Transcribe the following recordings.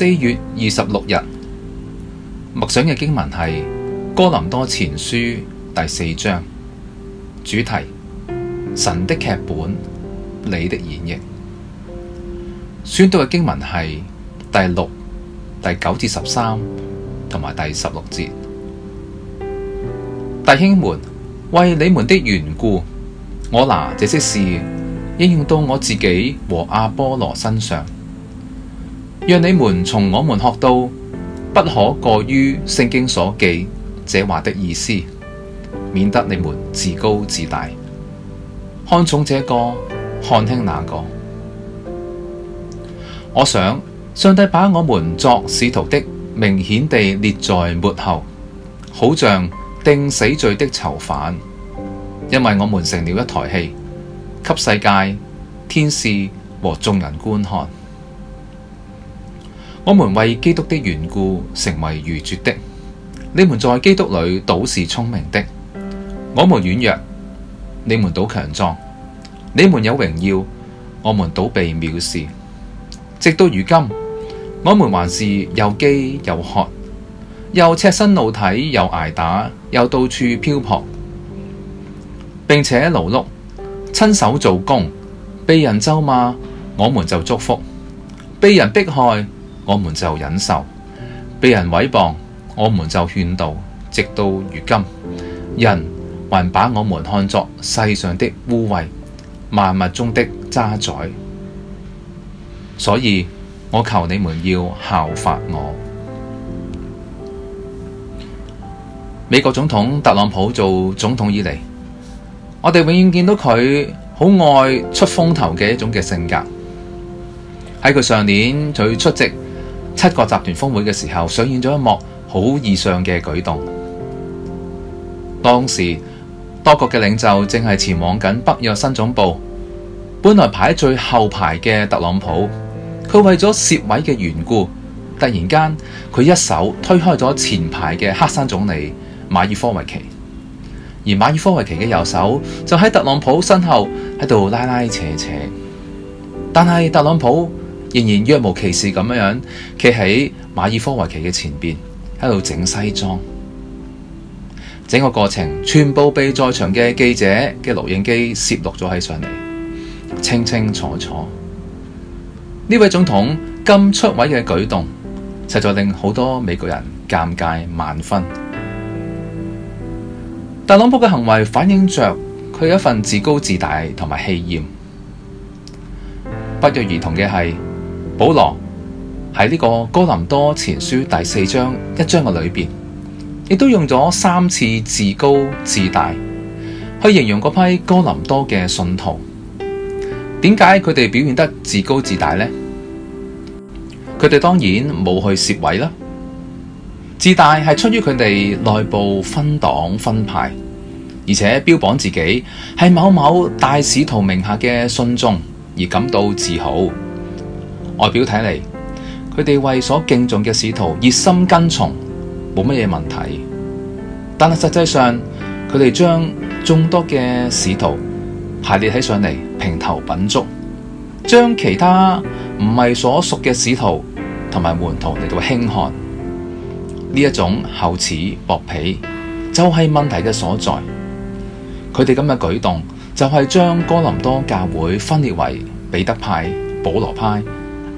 四月二十六日，默想嘅經文係《哥林多前書》第四章，主題：神的劇本，你的演繹。宣讀嘅經文係第六、第九至十三，同埋第十六節。弟兄們，為你們的緣故，我拿這些事應用到我自己和阿波羅身上。讓你們從我們學到不可過於聖經所記這話的意思，免得你們自高自大，看重這個，看輕那個。我想上帝把我們作使徒的明顯地列在末後，好像定死罪的囚犯，因為我們成了一台戲，給世界、天使和眾人觀看。我們為基督的緣故成為愚拙的，你們在基督裏倒是聰明的。我們軟弱，你們倒強壯；你們有榮耀，我們倒被藐視。直到如今，我們還是又飢又渴，又赤身露體，又挨打，又到處漂泊，並且勞碌，親手做工，被人咒罵，我們就祝福；被人迫害。我們就忍受被人毀謗，我們就勸導。直到如今，人還把我們看作世上的污穢，萬物中的渣滓。所以我求你們要效法我。美國總統特朗普做總統以嚟，我哋永遠見到佢好愛出風頭嘅一種嘅性格。喺佢上年佢出席。七國集團峰會嘅時候，上演咗一幕好異常嘅舉動。當時多國嘅領袖正係前往緊北約新總部，本來排喺最後排嘅特朗普，佢為咗攝位嘅緣故，突然間佢一手推開咗前排嘅黑山總理馬爾科維奇，而馬爾科維奇嘅右手就喺特朗普身後喺度拉拉扯扯，但係特朗普。仍然若無其事咁樣企喺馬爾科維奇嘅前邊喺度整西裝，整個過程全部被在場嘅記者嘅錄影機攝錄咗起上嚟，清清楚楚。呢位總統咁出位嘅舉動，實在令好多美國人尷尬萬分。特朗普嘅行為反映着佢一份自高自大同埋氣焰。不約而同嘅係。保羅喺呢個哥林多前書第四章一章嘅裏邊，亦都用咗三次自高自大去形容嗰批哥林多嘅信徒。點解佢哋表現得自高自大呢？佢哋當然冇去攝位啦。自大係出於佢哋內部分黨分派，而且標榜自己係某某大使徒名下嘅信眾而感到自豪。外表睇嚟，佢哋為所敬重嘅使徒熱心跟從，冇乜嘢問題。但係實際上，佢哋將眾多嘅使徒排列起上嚟，平頭品足，將其他唔係所屬嘅使徒同埋門徒嚟到輕看。呢一種厚此薄彼，就係、是、問題嘅所在。佢哋咁嘅舉動就係、是、將哥林多教會分裂為彼得派、保羅派。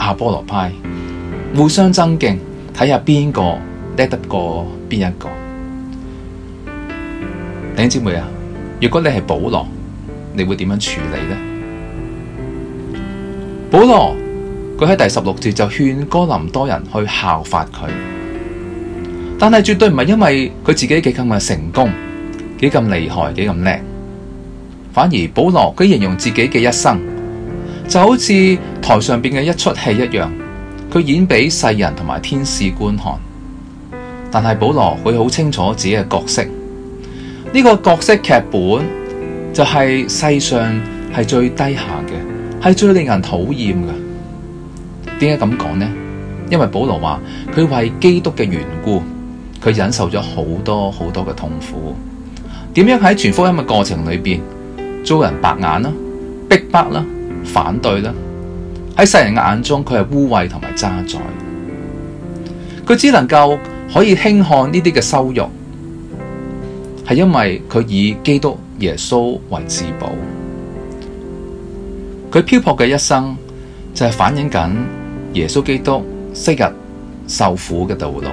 亞波羅派互相爭競，睇下邊個叻得過邊一個。姊妹啊，如果你係保羅，你會點樣處理呢？保羅佢喺第十六節就勸哥林多人去效法佢，但係絕對唔係因為佢自己幾咁嘅成功，幾咁厲害，幾咁叻，反而保羅佢形容自己嘅一生就好似。台上邊嘅一出戲一樣，佢演俾世人同埋天使觀看。但係保羅佢好清楚自己嘅角色，呢、這個角色劇本就係世上係最低下嘅，係最令人討厭嘅。點解咁講呢？因為保羅話佢為基督嘅緣故，佢忍受咗好多好多嘅痛苦。點樣喺傳福音嘅過程裏邊遭人白眼啦、逼迫啦、反對啦。喺世人眼中，佢係污穢同埋渣滓，佢只能夠可以輕看呢啲嘅羞辱，係因為佢以基督耶穌為至寶。佢漂泊嘅一生就係反映緊耶穌基督昔日受苦嘅道路。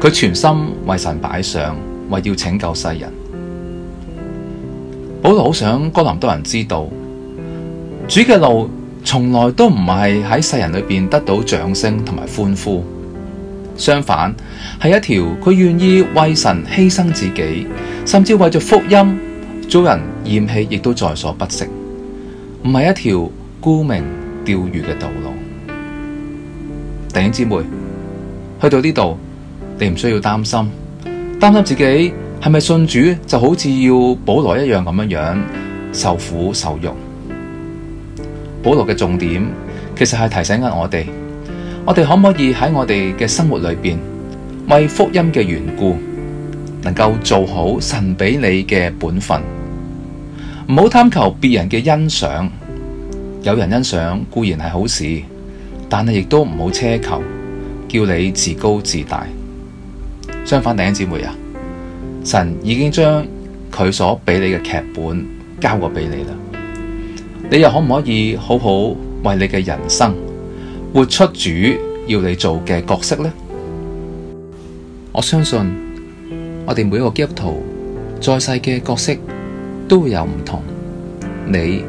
佢全心為神擺上，為要拯救世人。保羅好想哥林多人知道主嘅路。從來都唔係喺世人裏邊得到掌聲同埋歡呼，相反，係一條佢願意為神犧牲自己，甚至為咗福音遭人嫌棄，亦都在所不惜。唔係一條沽名釣譽嘅道路。弟兄姊妹，去到呢度，你唔需要擔心，擔心自己係咪信主就好似要保羅一樣咁樣樣受苦受辱。保羅嘅重點其實係提醒緊我哋，我哋可唔可以喺我哋嘅生活裏邊，為福音嘅緣故，能夠做好神俾你嘅本分，唔好貪求別人嘅欣賞。有人欣賞固然係好事，但係亦都唔好奢求，叫你自高自大。相反，弟兄姊妹啊，神已經將佢所俾你嘅劇本交過俾你啦。你又可唔可以好好為你嘅人生活出主要你做嘅角色呢？我相信我哋每個基督徒，在世嘅角色都會有唔同。你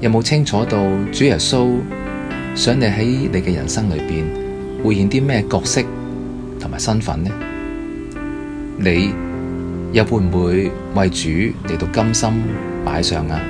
有冇清楚到主耶穌想你喺你嘅人生裏邊會演啲咩角色同埋身份呢？你又會唔會為主嚟到甘心擺上啊？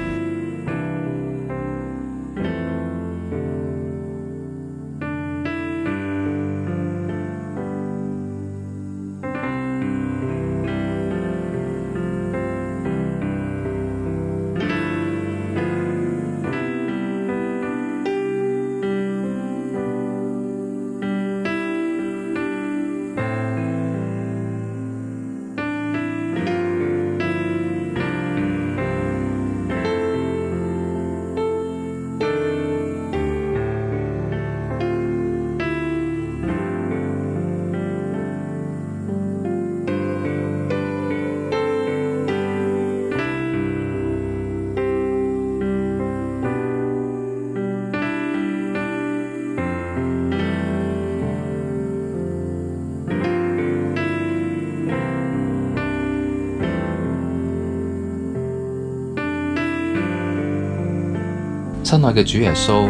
親愛嘅主耶穌，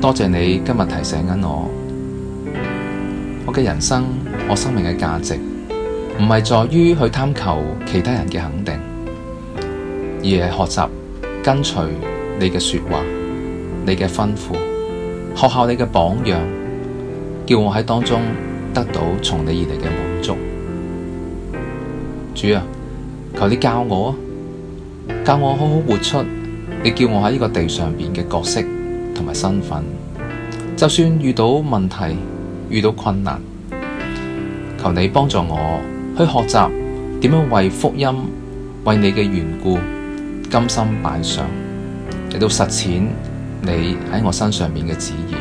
多謝你今日提醒緊我，我嘅人生，我生命嘅價值，唔係在於去探求其他人嘅肯定，而係學習跟隨你嘅說話，你嘅吩咐，學效你嘅榜樣，叫我喺當中得到從你而嚟嘅滿足。主啊，求你教我啊，教我好好活出。你叫我喺呢個地上邊嘅角色同埋身份，就算遇到問題、遇到困難，求你幫助我去學習點樣為福音、為你嘅緣故甘心擺上，嚟到實踐你喺我身上面嘅旨意。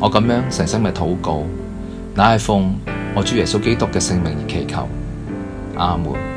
我咁樣誠心嘅禱告，乃係奉我主耶穌基督嘅聖名而祈求。阿門。